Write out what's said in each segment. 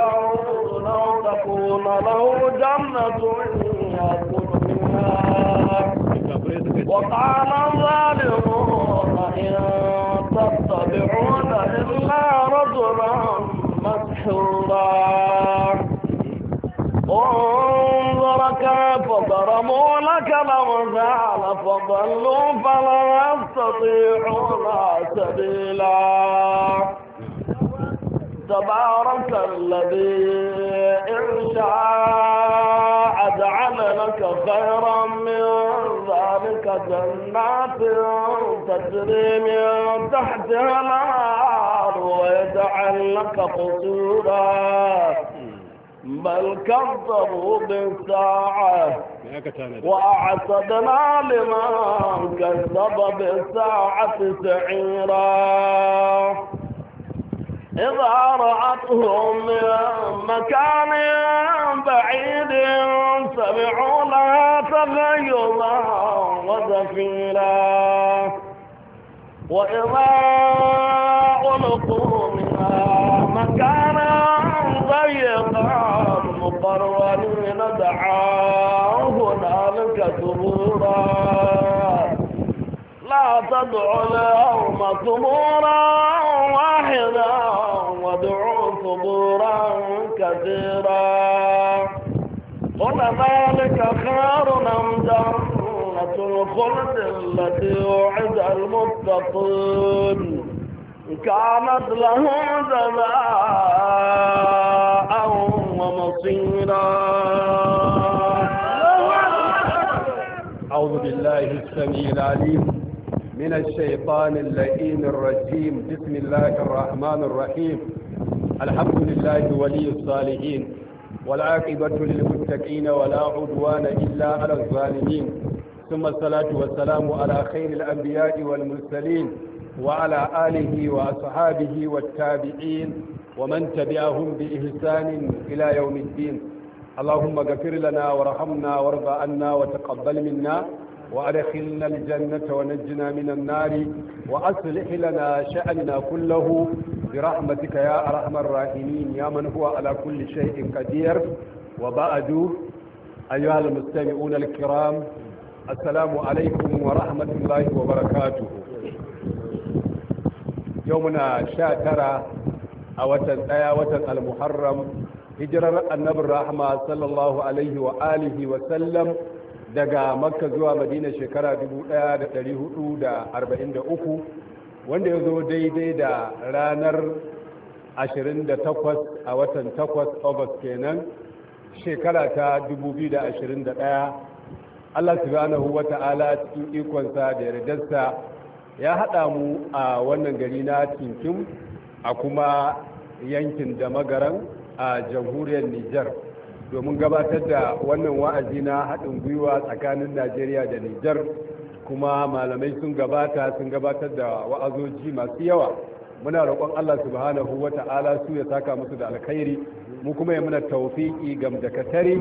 يدعون أو تكون له جنة يأكل منها وقال الظالمون إن تتبعون إلا رجلا مسحورا انظر كيف ضربوا لك الأمثال فضلوا فلا يستطيعون سبيلا تبارك الذي إن شاء أجعل لك خيرا من ذلك جنات تجري من تحتها الأنهار ويجعل لك قصورا بل كذبوا بالساعة وأعتدنا لمن كذب بالساعة سعيرا إذ عطهم من مكان بعيد سمعوا لها تغيظا وزفيرا وإذا ألقوا منها مكانا ضيقا مقرنين دعاوا هنالك ثبورا لا تدعوا اليوم ثبورا وضعوا ثبورا كثيرا قل ذلك خير أم جنة الخلد التي وعد المتقون كانت لهم جزاء ومصيرا أعوذ بالله السميع العليم من الشيطان اللئيم الرجيم بسم الله الرحمن الرحيم الحمد لله ولي الصالحين والعاقبة للمتقين ولا عدوان إلا على الظالمين ثم الصلاة والسلام على خير الأنبياء والمرسلين وعلى آله وأصحابه والتابعين ومن تبعهم بإحسان إلى يوم الدين اللهم اغفر لنا وارحمنا وارض عنا وتقبل منا وأدخلنا الجنة ونجنا من النار وأصلح لنا شأننا كله برحمتك يا أرحم الراحمين يا من هو على كل شيء قدير وبعد أيها المستمعون الكرام السلام عليكم ورحمة الله وبركاته يومنا شاترة أوتن أيا وتن المحرم هجر النبي الرحمة صلى الله عليه وآله وسلم daga makka zuwa madina shekara 1443 wanda ya zo daidai da ranar 28 a watan 8 august kenan shekara ta 2021 allah subhanahu wa ta'ala cikin ikonsa da yardarsa ya haɗa mu a wannan gari na tinkim a kuma yankin da magaran a jamhuriyar nijar domin gabatar da wannan wa'azi na haɗin gwiwa tsakanin najeriya da nijar kuma malamai sun gabata sun gabatar da wa'azoji masu yawa muna roƙon allah subhanahu wa ta'ala su ya saka musu da alkhairi mu kuma ya muna taufiki gamdakatare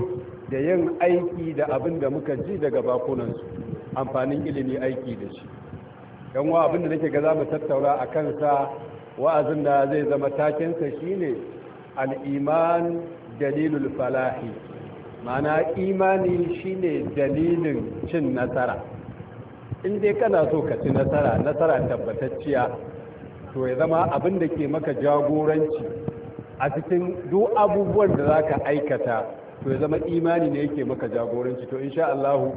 da yin aiki da abin da muka ji daga bakunansu amfanin ilimi aiki da shi yan wa abin da nake ga za mu tattauna a kansa wa'azin da zai zama takensa shine al'iman dalilul falahi mana imani shine dalilin cin nasara in dai kana so ka ci nasara nasara tabbatacciya to ya zama abin da ke maka jagoranci a cikin duk abubuwan da zaka aikata to ya zama imani ne yake maka jagoranci to insha Allahu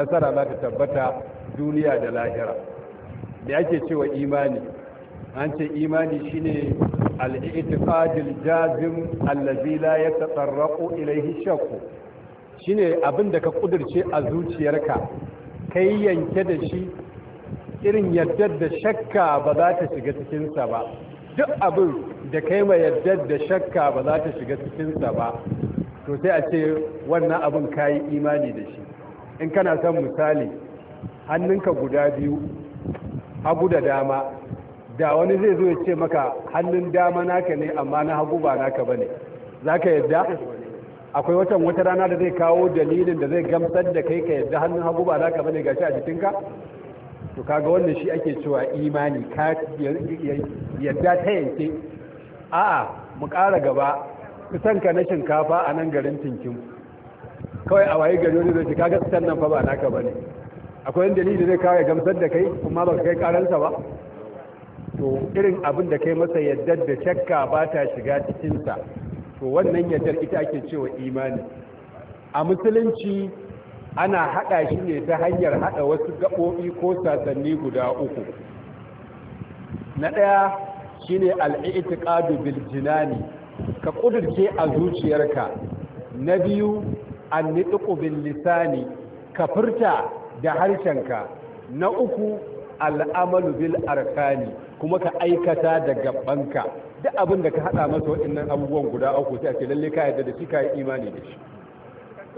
nasara za ta tabbata duniya da lahira me ake cewa imani an ce imani shine al-i'tiqadul jazim allazi la yatatarraqu ilayhi shakku shine abin da ka kudirce a zuciyarka kai yanke da shi irin yaddar da shakka ba za ta shiga cikinsa ba duk abin da kai ma yaddar da shakka ba za ta shiga cikinsa ba to sai a ce wannan abin kayi imani da shi in kana son misali hannunka guda biyu hagu da dama da wani zai zo ya ce maka hannun dama naka ne amma na hagu ba naka za ka yadda akwai watan wata rana da zai kawo dalilin da zai gamsar da kai ka yadda hannun hagu ba naka ne gashi a jikinka to kaga wannan shi ake cewa imani ka yadda ta yanke a'a mu ƙara gaba kusan ka na shinkafa a nan garin tinkin kawai a waye gari wani zai ce kaga fitan nan fa ba naka ne akwai wani dalili da zai kawo ya gamsar da kai kuma ba kai karansa ba to irin abin da kai masa yaddar da shakka ba ta shiga cikinsa to wannan yaddar ita ake cewa imani a musulunci ana haɗa shi ne ta hanyar haɗa wasu gaɓoɓi ko sasanni guda uku na ɗaya shine al'i'tiqadu bil jinani ka ƙudurce a zuciyarka na biyu annitqu bil lisani ka furta da harshenka na uku al'amalu bil arkani kuma ka aikata da gabanka duk abin da ka hada masa waɗannan abubuwan guda uku sai a ce lalle ka yarda da shi ka yi imani da shi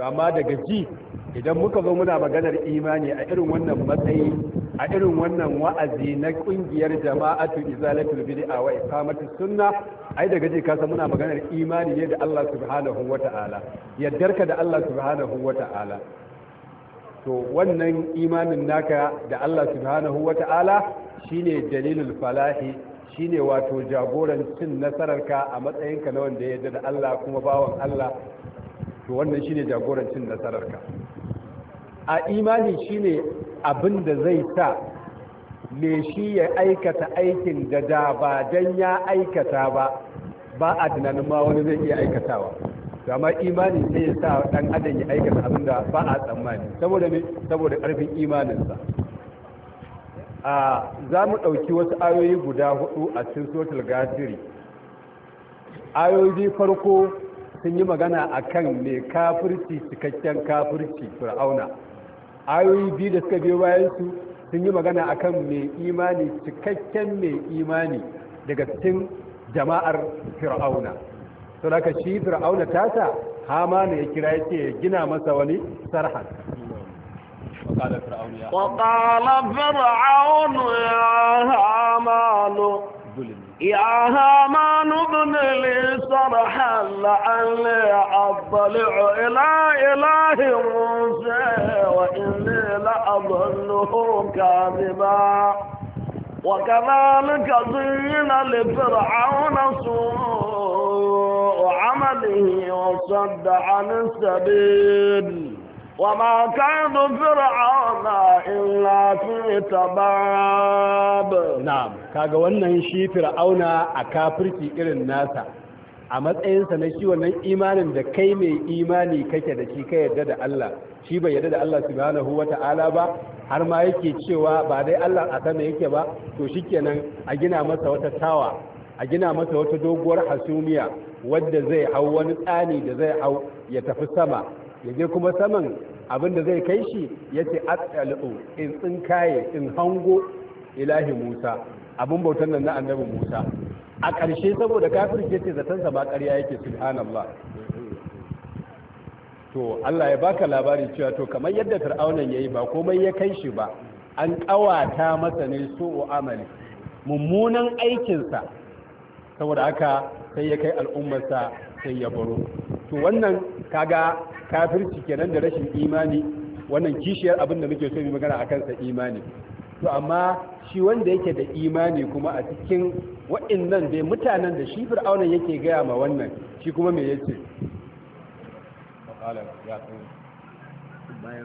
amma daga ji idan muka zo muna maganar imani a irin wannan matsayi a irin wannan wa'azi na kungiyar jama'atu izalatul bid'a wa iqamatus sunna ai daga ji kasa muna maganar imani ne da Allah subhanahu wata'ala yaddarka da Allah subhanahu wata'ala to wannan imanin naka da Allah subhanahu wata'ala shine dalilul falahi shine wato jagoran cin nasararka a matsayinka na wanda ya da Allah kuma bawan Allah to wannan shine jagoran cin nasararka a imani shine abin da zai sa me shi ya aikata aikin da da ba dan ya aikata ba ba a tunanin ma wani zai iya aikatawa amma imani sai ya sa dan adam ya aikata abin ba a tsammani saboda me saboda karfin imaninsa a za mu ɗauki wasu ayoyi guda hudu a cikin sotar gasiri ayoyi farko sun yi magana a kan mai kafirci cikakken kafirci fir'auna ayoyi biyu da suka biyo bayansu sun yi magana a kan mai imani cikakken mai imani daga cikin jama'ar fir'auna sau shi fir'auna tata hama ne ya kira ya ce gina masa wani sarhan وقال فرعون يا وقال فرعون يا هامان يا هامان ابن لي صرحا لعلي اطلع الى اله موسى واني لاظنه كاذبا وكذلك زين لفرعون سوء عمله وصد عن السبيل وما كان فرعون إلا في تباب نعم kaga wannan shi fir'auna a kafirki irin nasa a matsayinsa na shi wannan imanin da kai mai imani kake da shi ka yadda da Allah shi bai yadda da Allah subhanahu wata'ala ba har ma yake cewa ba dai Allah a sama yake ba to shikenan a gina masa wata tawa a gina masa wata doguwar hasumiya wadda zai hau wani tsani da zai hau ya tafi sama ya kuma saman abin da zai kai shi ya ce in tsinkaye in hango ilahi musa abin bautan nan na annabi musa a ƙarshe saboda kafir ce ce zatansa ba ƙarya yake subhanallah to Allah ya baka labari cewa to kamar yadda fir'aunan yi ba komai ya kai shi ba an ƙawata masa ne su'u amali mummunan aikinsa saboda aka sai ya kai al'ummarsa sai ya baro to wannan kaga kafirci kenan da rashin imani wannan kishiyar abin da muke so mu magana akan sa imani to amma shi wanda yake da imani kuma a cikin wa'annan dai mutanen da shi fir'auna yake gaya ma wannan shi kuma me yace bayan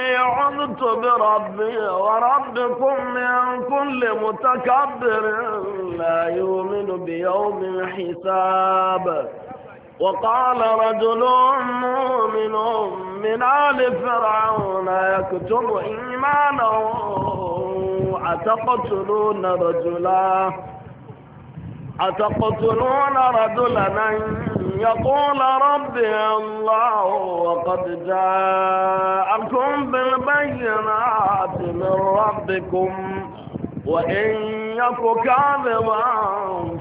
إني عذت بربي وربكم من كل متكبر لا يؤمن بيوم الحساب وقال رجل مؤمن من آل فرعون يكتب إيمانه أتقتلون رجلا أتقتلون رجلا يقول ربي الله وقد جاءكم بالبينات من ربكم وإن يك كاذبا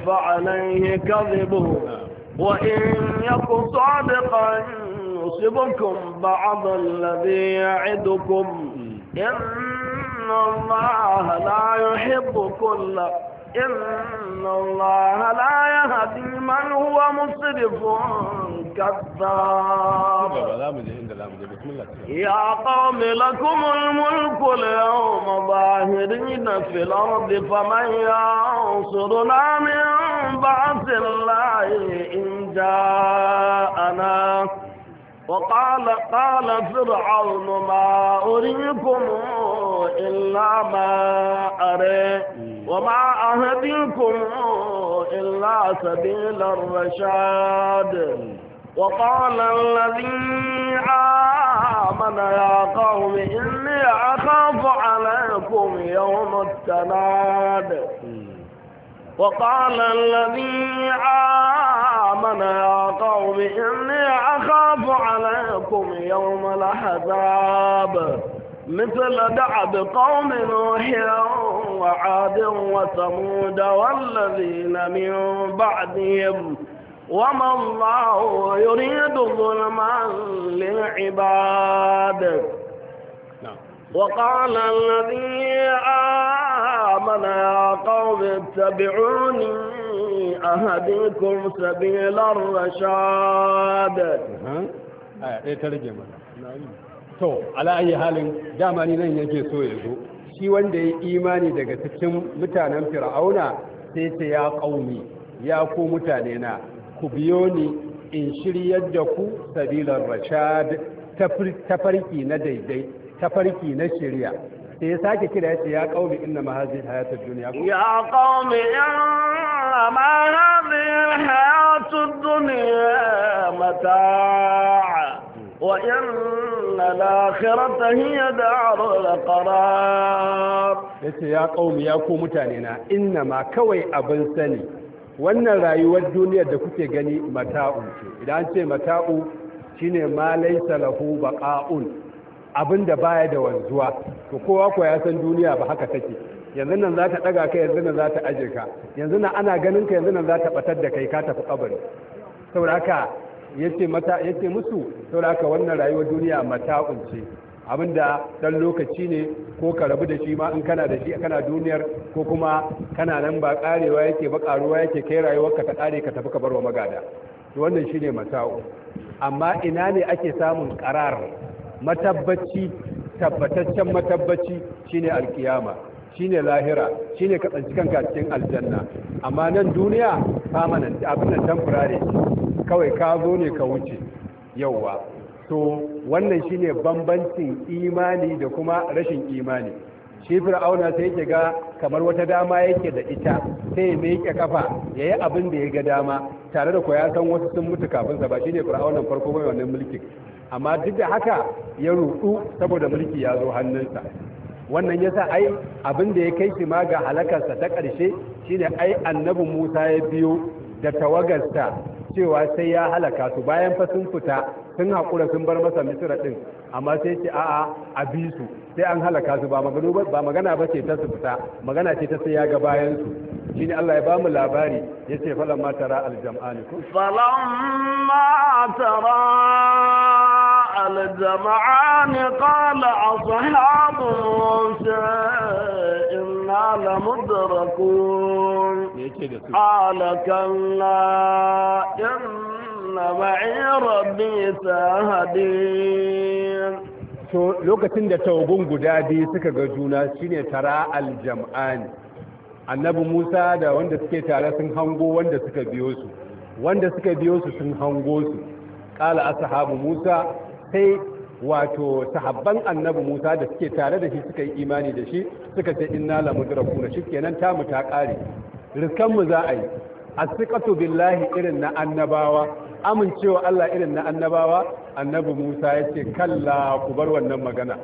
فعليه كذبه وإن يك صادقا يصبكم بعض الذي يعدكم إن الله لا يحب كل إن الله لا يهدي من هو مصرف كذاب يا قوم لكم الملك اليوم ظاهرين في الأرض فمن ينصرنا من بعث الله إن جاءنا وقال قال فرعون ما أريكم إلا ما أري وما أهديكم إلا سبيل الرشاد وقال الذي آمن يا قوم إني أخاف عليكم يوم التناد وقال الذي آمن آمن يا قوم إني أخاف عليكم يوم الأحزاب مثل دعب قوم نوح وعاد وثمود والذين من بعدهم وما الله يريد ظلما للعباد نعم. وقال الذي آمن آمن يا قوم اتبعوني أهديكم سبيل الرشاد آية ترجمة to ala ayi halin dama nan yake so ya zo shi wanda ya yi imani daga cikin mutanen fir'auna sai ce ya qaumi ya ko mutane na ku biyo ni in shiryar da ku sabilar rashad tafarki na daidai tafarki na shirya sai ya sake kira ya ce ya qaumi inna ma hadhihi hayatud dunya ya qaumi inna ma hadhihi hayatud dunya mataa wa inna al-akhirata hiya darul qarar yace ya qaumi ya ku mutane na inna ma kawai abin sani wannan rayuwar duniyar da kuke gani mata'u ce idan ce mata'u shine ma laysa lahu baqa'un abin da baya da wanzuwa to kowa ko ya san duniya ba haka take yanzu nan za ta ɗaga ka yanzu nan za ta aje ka yanzu nan ana ganin ka yanzu nan za ta ɓatar da kai ka tafi kabari saboda haka yace mata yace musu saboda haka wannan rayuwar duniya mata'un ce da dan lokaci ne ko ka rabu da shi ma in kana da shi kana duniyar ko kuma kana nan ba karewa yake ba karuwa yake kai rayuwar ka ta kare ka tafi ka barwa magada to wannan shine mata'u amma ina ne ake samun qarar matabbaci tabbataccen matabbaci shine alkiyama shine lahira shine ka tsanci kanka cikin aljanna amma nan duniya permanent abin nan temporary kawai ka zo ne ka wuce yauwa to wannan shine bambancin imani da kuma rashin imani shi fir'auna sai yake ga kamar wata dama yake da ita sai ya miƙe kafa yayi yi abin da ya ga dama tare da ko ya san wasu sun mutu kafin sa ba shine fir'aunan farko mai wannan mulkin amma duk da haka ya rudu saboda mulki ya zo hannunsa wannan yasa ai abin da ya kai shi ma ga halakarsa ta karshe shine ai annabi Musa ya biyo da tawagarsa cewa sai ya halaka su bayan fa sun fita sun haƙura sun bar masa misira ɗin amma sai ce a'a a bi su sai an halaka su ba magana ba ce ta su fita magana ce ta sai ya ga bayan su shine Allah ya ba mu labari yace falamma tara aljam'ani kun falamma tara الجمعان قال أصحاب موسى إنا لمدركون قال كلا إن معي ربي سهدين to lokacin da ta'ubun guda biyu suka ga juna shine tara aljam'an annabi Musa da wanda suke tare sun hango wanda suka biyo su wanda suka biyo su sun hango su qala ashabu Musa sai wato sahabban annabi Musa da suke tare da shi suka yi imani da shi suka ce inna la mudrakuna shikenan tamu ta kare riskan mu za a yi asiqatu billahi irin na annabawa amincewa Allah irin na annabawa annabi Musa yace kalla ku bar wannan magana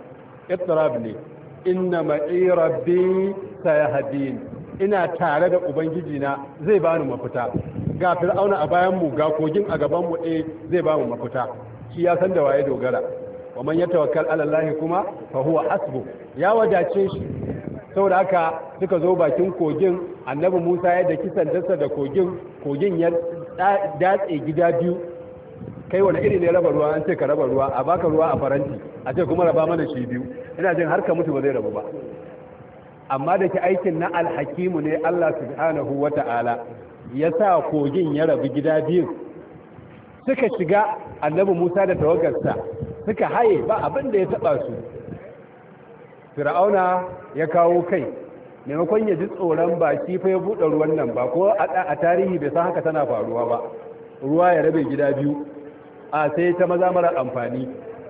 ittirab ne inna ma'i rabbi sayahdin ina tare da ubangiji na zai bani mafita ga fir'auna a bayan mu ga kogin a gaban mu eh zai bani mafita shi ya san da waye dogara wa man yatawakkal ala llahi kuma fa huwa hasbu ya wadace shi saboda haka suka zo bakin kogin annabi Musa ya da kisan dasa da kogin kogin ya datse gida biyu kai wani iri ne raba ruwa an ce ka raba ruwa a baka ruwa a faranti a ce kuma raba mana shi biyu ina jin har ka mutu ba zai rabu ba amma da ke aikin na alhakimu ne Allah subhanahu wata'ala ya sa kogin ya rabu gida biyu suka shiga annabi Musa da tawagarsa suka haye ba abin da ya taba su Fir'auna ya kawo kai maimakon ya ji tsoron baki fa ya buɗe ruwan nan ba ko a tarihi bai san haka tana faruwa ba ruwa ya rabe gida biyu a sai ta maza mara amfani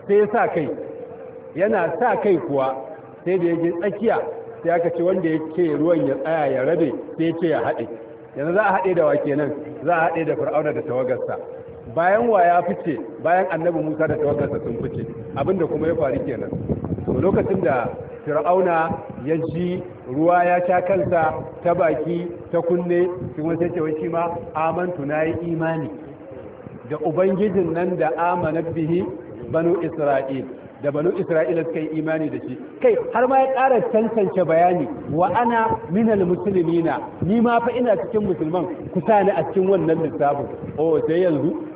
sai ya sa kai yana sa kai kuwa sai da yake tsakiya sai aka ce wanda yake ruwan ya tsaya ya rabe sai ya ce ya haɗe yanzu za a haɗe da wake nan za a haɗe da fir'auna da tawagarsa bayan wa ya fice bayan annabi Musa da tawakarsa sun fice abinda kuma ya faru kenan to lokacin da fir'auna ya ji ruwa ya sha kansa ta baki ta kunne shi wani sai ce shi ma amantu na yi imani da ubangijin nan da Amana bihi banu isra'il da banu isra'ila suka yi imani da shi kai har ma ya ƙara tantance bayani wa ana minal musulmina ni ma fa ina cikin musulman kusa ni a cikin wannan lissafin oh sai yanzu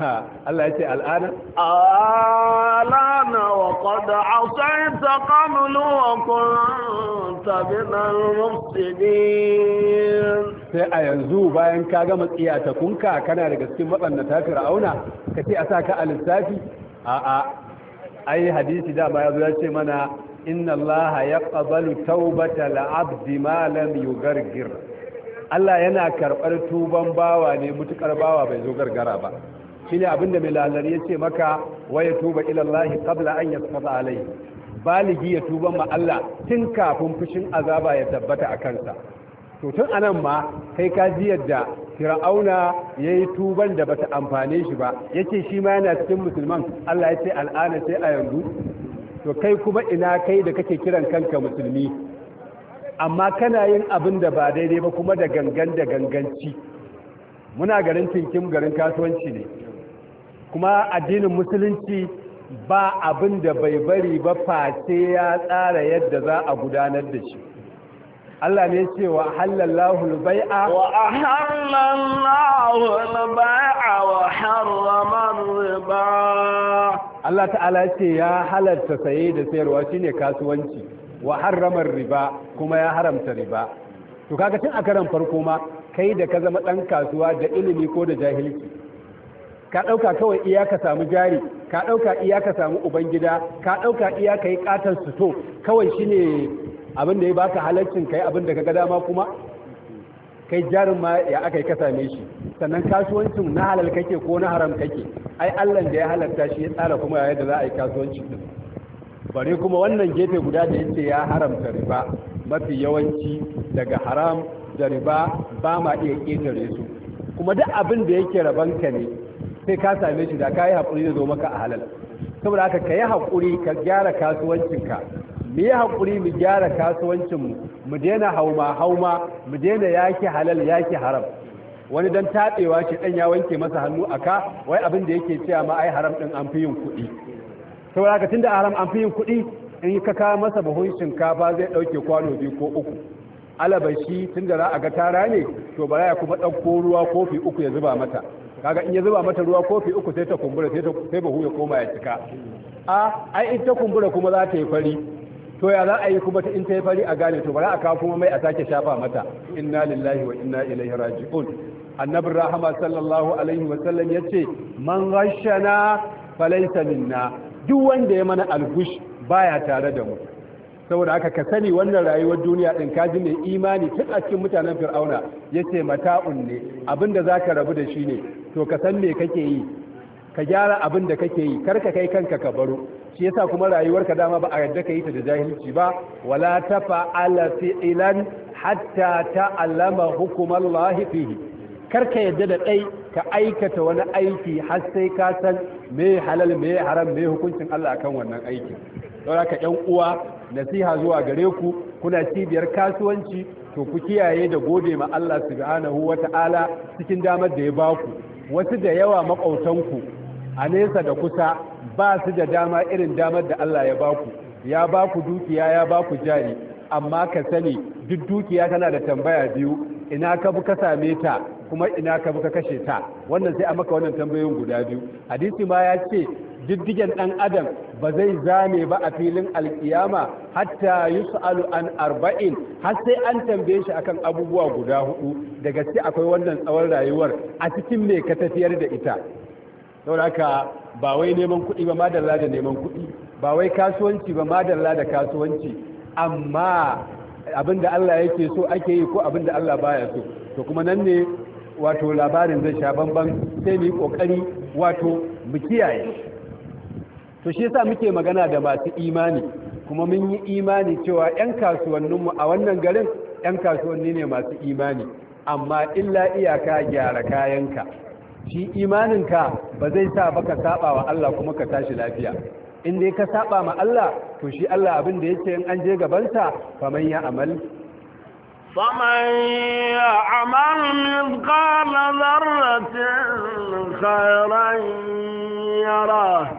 Allah ya ce al'ana? Alana wa kwada asai ta wa kunta binan Sai a yanzu bayan ka gama tsiyatakunka kana daga cikin matsannata fir'auna ka ce a sa ka a lissafi? A'a, ai hadisi dama ya zo ce mana inna Allah ya qabalu taubata al'abdi ma lam yugargir. Allah yana karɓar tuban bawa ne mutukar bawa bai zo gargara ba. shine abinda mai lalari ya ce maka wa ya tuba ilallahi kabla an ya yasfata alai baligi ya tuba ma Allah tun kafin fushin azaba ya tabbata a kansa to tun anan ma kai ka ji yadda fir'auna ya yi tuban da bata amfane shi ba yace shi ma yana cikin musulman Allah ya ce al'ana sai a yanzu to kai kuma ina kai da kake kiran kanka musulmi amma kana yin abin da ba daidai ba kuma da gangan da ganganci muna garin tinkim garin kasuwanci ne kuma addinin musulunci ba abin da bai bari ba face ya tsara yadda za a gudanar da shi Allah ne ce wa halallahu al-bai'a wa halallahu al-bai'a wa harrama riba Allah ta'ala ce ya halarta saye da sayarwa shine kasuwanci wa harrama riba kuma ya haramta riba to kaga tun a karan farko ma kai da ka zama dan kasuwa da ilimi ko da jahilci ka ɗauka kawai iya ka samu jari ka ɗauka iya ka samu ubangida ka ɗauka iya ka yi ƙatar suto kawai shi ne abin da ya baka halaccin ka yi abin da ka ga dama kuma kai jarin ma ya aka yi ka same shi sannan kasuwancin na halal kake ko na haram kake ai allah da ya halarta shi ya tsara kuma da za a yi kasuwanci din bare kuma wannan gefe guda da yace ya haramta riba mafi yawanci daga haram da riba ba ma iya ƙetare su kuma duk abin da yake rabanka ne sai ka same shi da ka yi haƙuri da zo maka a halal saboda haka ka yi haƙuri ka gyara kasuwancinka mu yi haƙuri mu gyara kasuwancinmu mu daina hauma hauma mu daina yaki halal yaki haram wani dan taɓewa shi ɗan ya wanke masa hannu a ka wai abin da yake cewa ma ai haram ɗin an fi yin kuɗi saboda haka tunda haram an fi yin kuɗi in ka ka masa buhun shinkafa zai ɗauke kwano biyu ko uku alabashi tunda za a ga tara ne to ba ya kuma ɗauko ruwa kofi uku ya zuba mata kaga in ya zuba mata ruwa kofi uku sai ta kumbura sai bahu ya koma ya cika a ai in ta kumbura kuma za ta yi fari to ya za a yi kuma in ta yi fari a gane to bari a kawo kuma mai a sake shafa mata inna lillahi wa inna ilaihi raji'un annabi rahama sallallahu alaihi wa sallam yace man ghashana falaysa minna duk wanda ya mana algush baya tare da mu saboda aka ka sani wannan rayuwar duniya din kaji mai imani tun a cikin mutanen fir'auna ya ce mata'un ne abinda ka rabu da shi ne to ka san me kake yi ka gyara abin da kake yi kar ka kai kanka ka baro shi yasa kuma rayuwar ka dama ba a yadda ka yi ta da jahilci ba wala fi ilan hatta ta'allama lahi fihi kar ka yadda da ɗai ka aikata wani aiki har sai ka san me halal me haram me hukuncin Allah akan wannan aikin don haka ƴan uwa nasiha zuwa gare ku kuna cibiyar kasuwanci to ku kiyaye da gode ma Allah subhanahu wata'ala cikin damar da ya baku wasu da yawa makwabtanku a nesa da kusa ba su da dama irin damar da Allah ya baku ya baku dukiya ya baku jari amma ka sani duk dukiya tana da tambaya biyu ina ka ka same ta kuma ina ka ka kashe ta wannan sai a maka wannan tambayoyin guda biyu hadisi ma ya ce diddigen ɗan adam ba zai zame ba a filin alkiyama hatta yus'alu an arba'in har sai an tambaye shi akan abubuwa guda hudu Daga gaske akwai wannan tsawon rayuwar a cikin me ka tafiyar da ita saboda ba wai neman kuɗi ba madalla da neman kuɗi ba wai kasuwanci ba madalla da kasuwanci amma abin da Allah yake so ake yi ko abin da Allah baya so to kuma nan ne wato labarin zai sha bamban sai mu yi kokari wato mu kiyaye to shi yasa muke magana da masu imani kuma mun yi imani cewa 'yan kasuwanninmu a wannan garin 'yan kasuwanni ne masu imani amma illa iyaka gyara kayanka shi imaninka ba zai sa baka saba wa Allah kuma ka tashi lafiya in dai ka saba ma Allah to shi Allah abin da yake in an je gabansa faman ya amal فمن يعمل مثقال zarratin khairan يره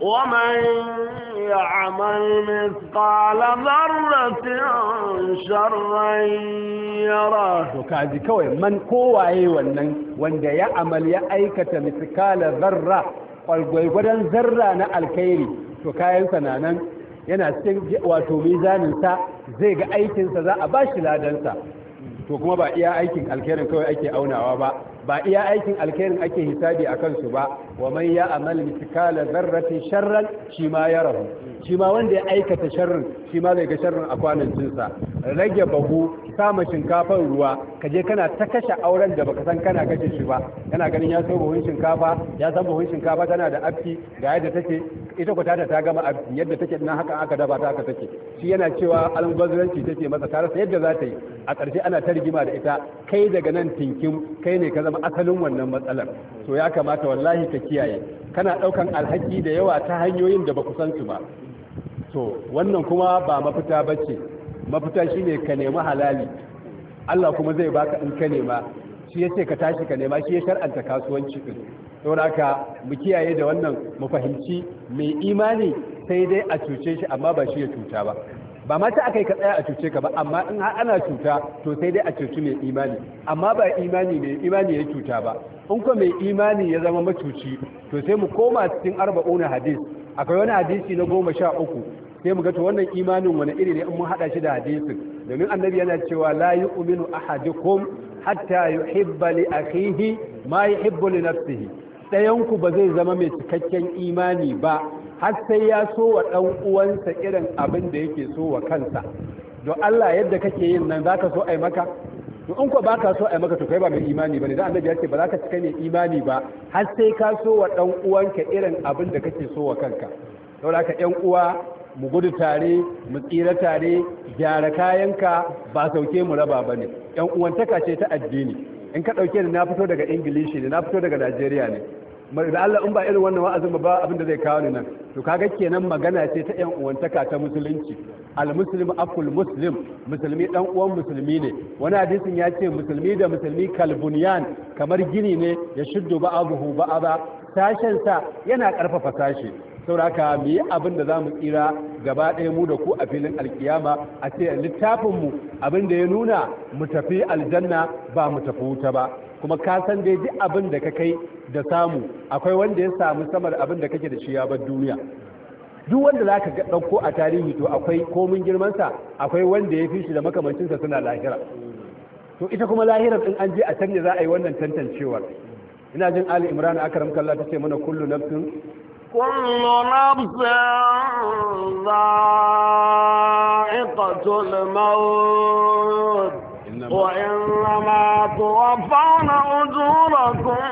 ومن يعمل مثقال ذرة wannan wanda ya amal ya aikata mithqala dharra kwalgwaigwadon zarra na alkhairi to kayansa na nan yana cikin wato mizaninsa zai ga aikinsa za a bashi ladansa to kuma ba iya aikin alkhairin kawai ake aunawa ba ba iya aikin alkhairin ake hisabi a kansu ba wa man ya amal miskala zarratin sharran shi ma ya rahu shi ma wanda ya aikata sharrin shi ma zai ga sharrin a cinsa rage bahu sama shinkafar ruwa ka je kana ta kashe auren da baka san kana kashe shi ba kana ganin ya so buhun shinkafa ya san buhun shinkafa tana da afki ga yadda take ita ku tata ta gama afki yadda take nan haka aka dafa ta aka take shi yana cewa almubazzaranci take masa ta rasa yadda za ta yi a ƙarshe ana ta rigima da ita kai daga nan tinkin kai ne ka zama asalin wannan matsalar to ya kamata wallahi ka kiyaye kana ɗaukan alhaki da yawa ta hanyoyin da ba ku san su ba to wannan kuma ba mafita ba ce mafita shi ne ka nemi halali Allah kuma zai baka in ka nema shi ya ce ka tashi ka nema shi ya shar'anta kasuwanci ɗin saboda haka mu kiyaye da wannan mu fahimci mai imani sai dai a cuce shi amma ba shi ya cuta ba ba ma ta akai ka tsaya a cuce ka ba amma in har ana cuta to sai dai a cuci mai imani amma ba imani ne imani ya cuta ba in ko mai imani ya zama macuci to sai mu koma cikin arba'una hadis akwai wani hadisi na goma sha uku sai mu ga to wannan imanin wani iri ne in mun hada shi da hadisin domin annabi yana cewa la yu'minu ahadukum hatta yuhibba li akhihi ma yuhibbu li nafsihi dayan ku ba zai zama mai cikakken imani ba har sai ya so wa ɗan uwansa irin abin da yake so wa kansa don Allah yadda kake yin nan zaka so ai maka to in ko baka so ai maka to kai ba mai imani bane dan annabi ya ce ba za ka cika ne imani ba har sai ka so wa ɗan uwanka irin abin da kake so wa kanka don haka ɗan uwa mu gudu tare mu tsira tare gyara kayanka ba sauke mu raba bane yan uwantaka ce ta addini in ka ɗauke ni na fito daga ingilishi ne na fito daga najeriya ne da Allah in ba irin wannan wa'azin ba abin da zai kawo ni nan to kaga kenan magana ce ta yan uwantaka ta musulunci al muslim akul muslim musulmi dan uwan musulmi ne wani hadisin ya ce musulmi da musulmi kal bunyan kamar gini ne ya shiddu shuddu ba'a ba. sashen sa yana karfafa sashi sauraka mu yi abin da za mu tsira gaba ɗaya mu da ku a filin alkiyama a ce littafinmu abin da ya nuna mu tafi aljanna ba mu tafi wuta ba kuma ka san dai duk abin da ka kai da samu akwai wanda ya samu samar abin da kake da shi ya bar duniya duk wanda za ka ɗauko a tarihi to akwai komin girmansa akwai wanda ya fi shi da makamancinsa suna lahira to ita kuma lahirar in an je a can ne za a yi wannan tantancewar ina jin ali imran akram kallah tace mana kullu nafsin كل نفس ذائقة الموت وإنما توفون أجوركم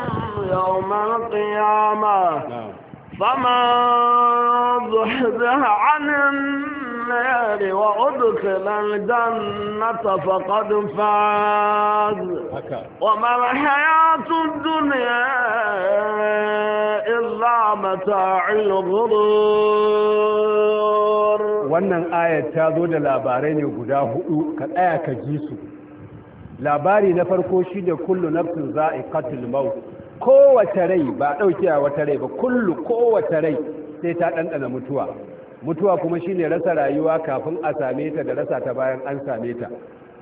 يوم القيامة نعم. فمن زحزح عن النار النار وأدخل الجنة فقد فاز وما الحياة الدنيا إلا متاع الغرور wannan ayar ta zo da labarai ne guda hudu ka tsaya ka ji su labari na farko shi da kullu nafsin za'iqatul maut kowace rai ba dauke wata rai ba kullu kowace rai sai ta ɗanɗana mutuwa mutuwa kuma shi ne rasa rayuwa kafin a same ta da rasa ta bayan an same ta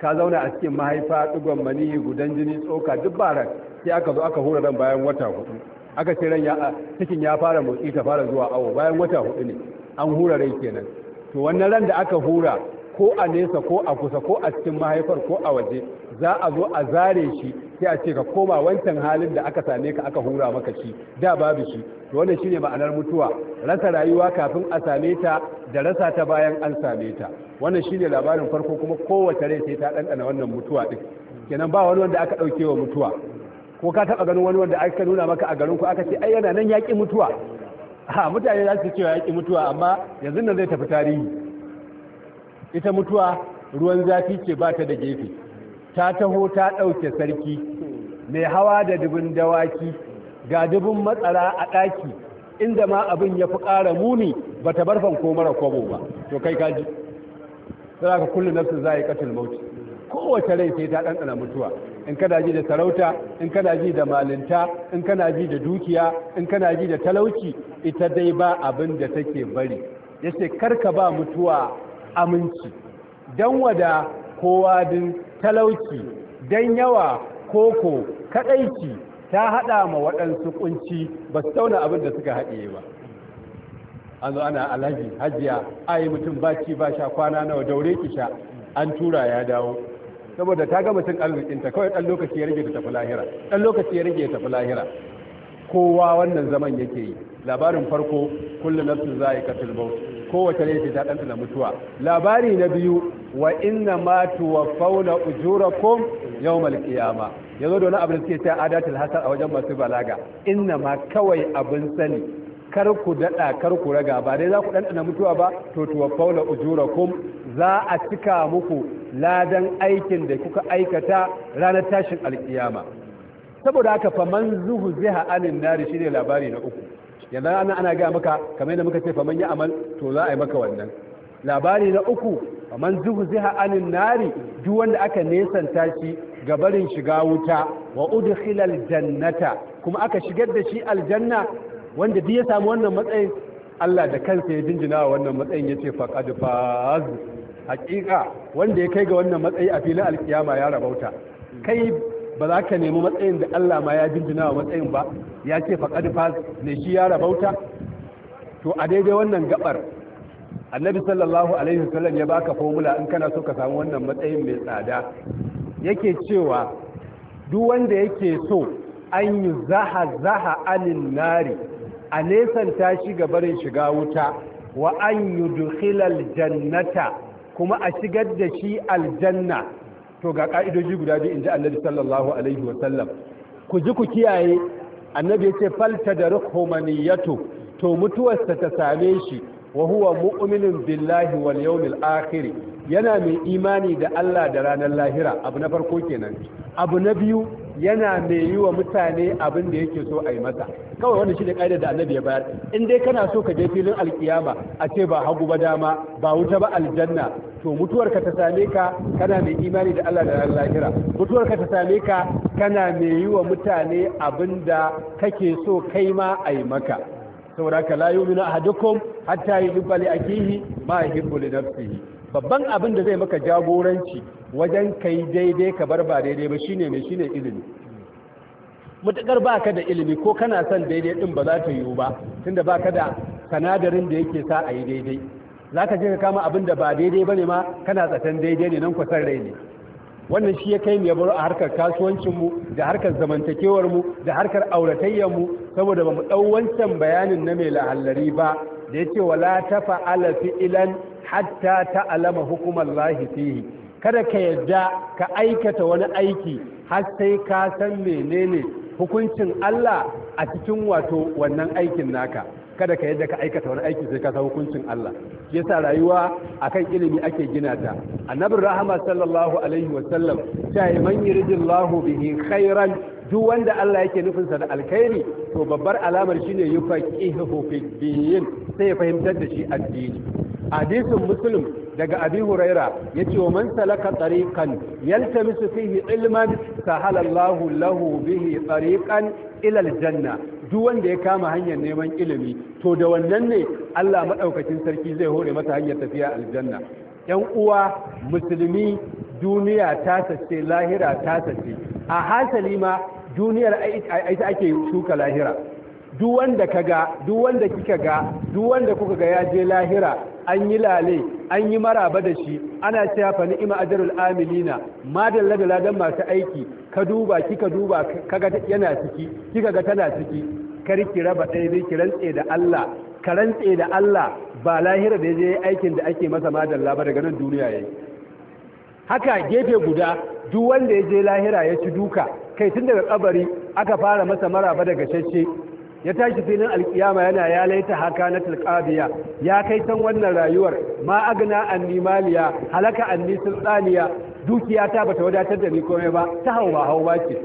ka zauna a cikin mahaifa digon maniyi gudan jini tsoka duk baran sai aka zo aka hura ran bayan wata hudu aka ce ran ya cikin ya fara motsi ta fara zuwa awo bayan wata hudu ne an hura rai kenan to wannan ran da aka hura ko a nesa ko a kusa ko a cikin mahaifar ko a waje za a zo a zare shi sai a ce ka koma wancan halin da aka same ka aka hura maka shi da babu shi to wannan shine ma'anar mutuwa rasa rayuwa kafin a same ta da rasa ta bayan an same ta wannan shine labarin farko kuma kowace rai sai ta ɗanɗana wannan mutuwa ɗin kenan ba wani wanda aka ɗauke wa mutuwa ko ka taɓa ganin wani wanda aka nuna maka a garin ku aka ce ai yana nan yaƙi mutuwa ha mutane za su cewa yaƙi mutuwa amma yanzu nan zai tafi tarihi ita mutuwa ruwan zafi ce ba ta da gefe ta taho ta ɗauke sarki mai hawa da dubin dawaki ga dubin matsala a ɗaki inda ma abin ya fi ƙara muni ba ta barfan ko mara kwabo ba to kai kaji tsara ka kullum nafsin za a yi katil mauti kowace rai sai ta ɗanɗana mutuwa in kana ji da sarauta in kana ji da malinta in kana ji da dukiya in kana ji da talauci ita dai ba abin da take bari kar karka ba mutuwa aminci dan wada kowa din talauci don yawa koko kadaici ta hada ma waɗansu kunci ba su tauna abin da suka haɗiye ba an ana alhaji hajiya ayi mutum ba ci ba sha kwana nawa daure ki sha an tura ya dawo saboda ta ga mutum arzikinta kawai ɗan lokaci ya rage ta tafi lahira ɗan lokaci ya rage ta tafi lahira kowa wannan zaman yake yi labarin farko kullu yi za'iqatul maut kowace laifi ta ɗanɗana mutuwa labari na biyu wa inna ma tuwaffawna ujurakum yawmal qiyama yazo da wani abin sai ta adatul hasan a wajen masu balaga inna ma kawai abin sani kar ku dada kar ku raga ba dai za ku dana mutuwa ba to tuwaffawna ujurakum za a cika muku ladan aikin da kuka aikata ranar tashin alkiyama saboda haka fa man zuhziha anin shine labari na uku yanzu ana ana ga maka kamar yadda muka ce fa man ya amal to za a yi maka wannan labari na uku man ziha anin nari duk wanda aka nesanta shi ga barin shiga wuta wa udkhila jannata. kuma aka shigar da shi aljanna wanda duk ya samu wannan matsayin Allah da kansa ya jinjina wa wannan matsayin yace faqad faz haqiqa wanda ya kai ga wannan matsayi a filin alkiyama ya rabauta kai ba za ka nemi matsayin da Allah ma ya jinjina wa matsayin ba ya ce faqad faz ne shi ya rabauta to a daidai wannan gabar annabi sallallahu alaihi wasallam ya baka formula in kana so ka samu wannan matsayin mai tsada yake cewa duk wanda yake so an yi zaha zaha anin nari a ta shi gabarin shiga wuta wa an yi dukhilal jannata kuma a shigar da shi aljanna to ga ka'idoji guda biyu inji annabi sallallahu alaihi wasallam ku ji ku kiyaye annabi ya ce falta da rukumaniyatu to mutuwarsa ta same shi wa huwa billahi wal yawmil akhir yana mai imani da Allah da ranar lahira abu na farko kenan abu na biyu yana mai yi wa mutane abin da yake so a yi masa kawai wani shi da ƙa'idar da annabi ya bayar in dai kana so ka je filin alkiyama a ce ba hagu ba dama ba wuta ba aljanna to mutuwar ka ta same ka kana mai imani da Allah da ranar lahira mutuwar ka ta same ka kana mai yi wa mutane abin da kake so kai ma a yi maka saboda ka la yu'minu ahadukum hatta yuhibba li akihi ma yuhibbu li nafsihi babban abin da zai maka jagoranci wajen kai daidai ka bar ba daidai ba shine me shine ilimi mutakar baka da ilimi ko kana son daidai din ba za ta yiwu ba tunda baka da sanadarin da yake sa a yi daidai za ka je ka kama abin da ba daidai ba ne ma kana tsatan daidai ne nan kusan rai ne wannan shi ya kai mu ya bar a harkar mu da harkar zamantakewar mu da harkar mu. saboda ba mu ɗau wancan bayanin na mai lahallari ba da ya ce wala ta fa'ala fi'ilan hatta ta alama hukumar lahi fihi kada ka yadda ka aikata wani aiki har sai ka san menene hukuncin Allah a cikin wato wannan aikin naka kada ka yadda ka aikata wani aiki sai ka san hukuncin Allah yasa rayuwa akan ilimi ake gina ta annabi rahama sallallahu alaihi wa sallam ta man yuridillahu bihi khairan duk wanda Allah yake nufinsa da alkhairi to babbar alamar shine yufaqihu fi din sai ya fahimtar da shi addini hadisin muslim daga abi huraira yace wa man salaka tariqan yaltamisu fihi ilman sahala Allahu lahu bihi tariqan ila aljanna duk wanda ya kama hanyar neman ilimi to da wannan ne Allah madaukakin sarki zai hore masa hanyar tafiya aljanna yan uwa musulmi duniya ta sace lahira ta sace a hasali ma duniyar ita ake shuka lahira duk wanda ka ga kika ga duk wanda kuka ga ya je lahira an yi lale an yi maraba da shi ana cewa fa ni'ma ajrul amilina madalla da masu aiki ka duba kika duba kaga yana ciki kika ga tana ciki kar ki raba ɗaya zai ki rantse da Allah ka rantse da Allah ba lahira da je aikin da ake masa madalla ba daga nan duniya yayi haka gefe guda duk wanda ya je lahira ya ci duka kai tun daga kabari aka fara masa maraba daga shashe ya tashi filin alkiyama yana ya laita haka na tilkabiya ya kai san wannan rayuwar ma agna anni maliya halaka anni sultaniya dukiya ta bata wadatar da ni komai ba ta hau ba hau ba ce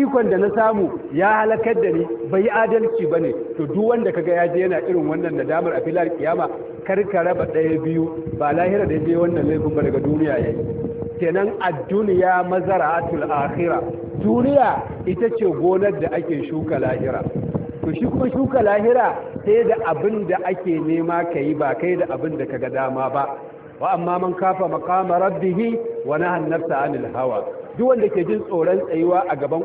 ikon da na samu ya halakar da ni bai yi adalci ba ne to duk wanda kaga ya je yana irin wannan nadamar a filin alkiyama Kar ka raba ɗaya biyu ba lahira da je wannan laifin ba daga duniya yayi kenan ad-duniya mazara'atul akhirah duniya ita ce gonar da ake shuka lahira to shi kuma shuka lahira sai da abin da ake nema ka yi ba kai da abin da ka ga dama ba wa amma man kafa maqama rabbih wa nahan nafsa anil hawa duk wanda ke jin tsoron tsayuwa a gaban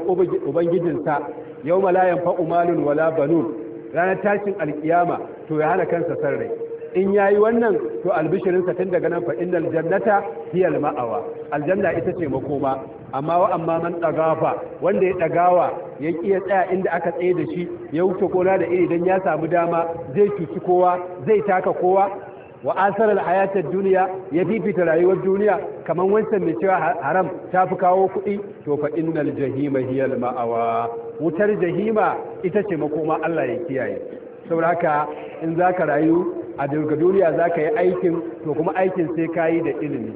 ubangijinsa yawma la yanfa'u malun wala banun ranar tashin alkiyama to ya hana kansa sarrai. in yayi wannan to albishirin sa tun daga nan fa innal jannata hiya ma'awa aljanna ita ce makoma amma wa amma man dagafa wanda ya dagawa ya kiya tsaya inda aka tsaye da shi ya wuce kona da iri dan ya samu dama zai cuci kowa zai taka kowa wa asarar hayatar duniya ya fifita rayuwar duniya kamar wancan mai cewa haram ta fi kawo kuɗi to fa innal jahima hiyal ma'awa wutar jahima ita ce makoma Allah ya kiyaye sauraka in za ka rayu a daga duniya za ka yi aikin to kuma aikin sai ka yi da ilimi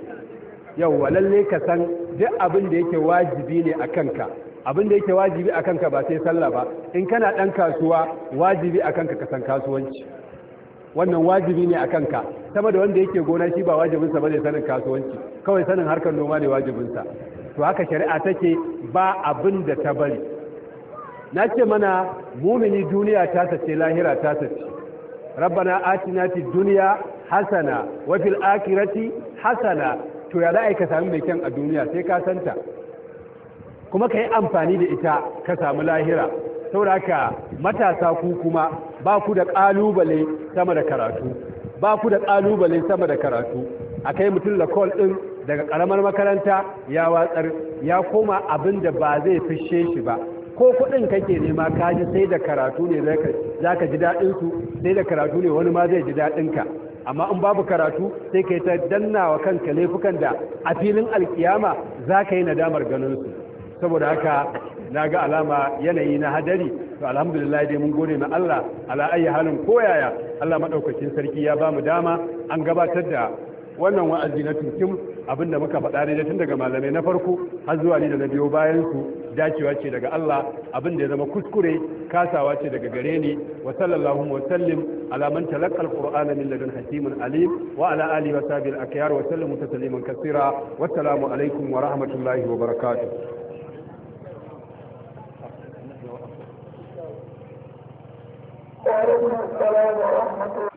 yau walalle ka san duk abin da yake wajibi ne a kanka abin da yake wajibi a kanka ba sai sallah ba in kana ɗan kasuwa wajibi a kanka ka san kasuwanci wannan wajibi ne a kanka sama da wanda yake gona shi ba wajibinsa ba ne sanin kasuwanci kawai sanin harkar noma ne wajibinsa to haka shari'a take ba abin da ta bari na ce mana mumini duniya ta sace lahira ta sace rabbana atina fid dunya hasana wa fil akhirati hasana to ya za'a ka sami mai kyan a duniya sai ka santa kuma ka yi amfani da ita ka samu lahira sauraka matasa ku kuma ba ku da kalubale sama da karatu ba ku da kalubale sama da karatu A kai mutum da call din daga ƙaramar makaranta ya watsar ya koma abin da ba zai fishe shi ba ko kuɗin kake nema ka ji sai da karatu ne za ka ji daɗin su sai da karatu ne wani ma zai ji daɗin ka amma in babu karatu sai ka yi ta dannawa kanka laifukan da a filin alkiyama za ka yi nadamar ganin su saboda haka na ga alama yanayi na hadari to alhamdulillah dai mun gode ma Allah ala ayi halin koyaya Allah madaukakin sarki ya bamu dama an gabatar da wannan wa'azi na tukin abinda muka faɗa ne tun daga malamai na farko har zuwa ni da na biyo bayan su dacewa ce daga Allah abin da ya zama kuskure kasawa ce daga gare ni wa sallallahu wa sallim ala man talaqa alqur'ana min ladun hakimin alim wa ala ali wa sahbihi al-akhyar wa sallam tasliman katsira wa assalamu alaikum wa rahmatullahi wa barakatuh وعليكم السلام ورحمة الله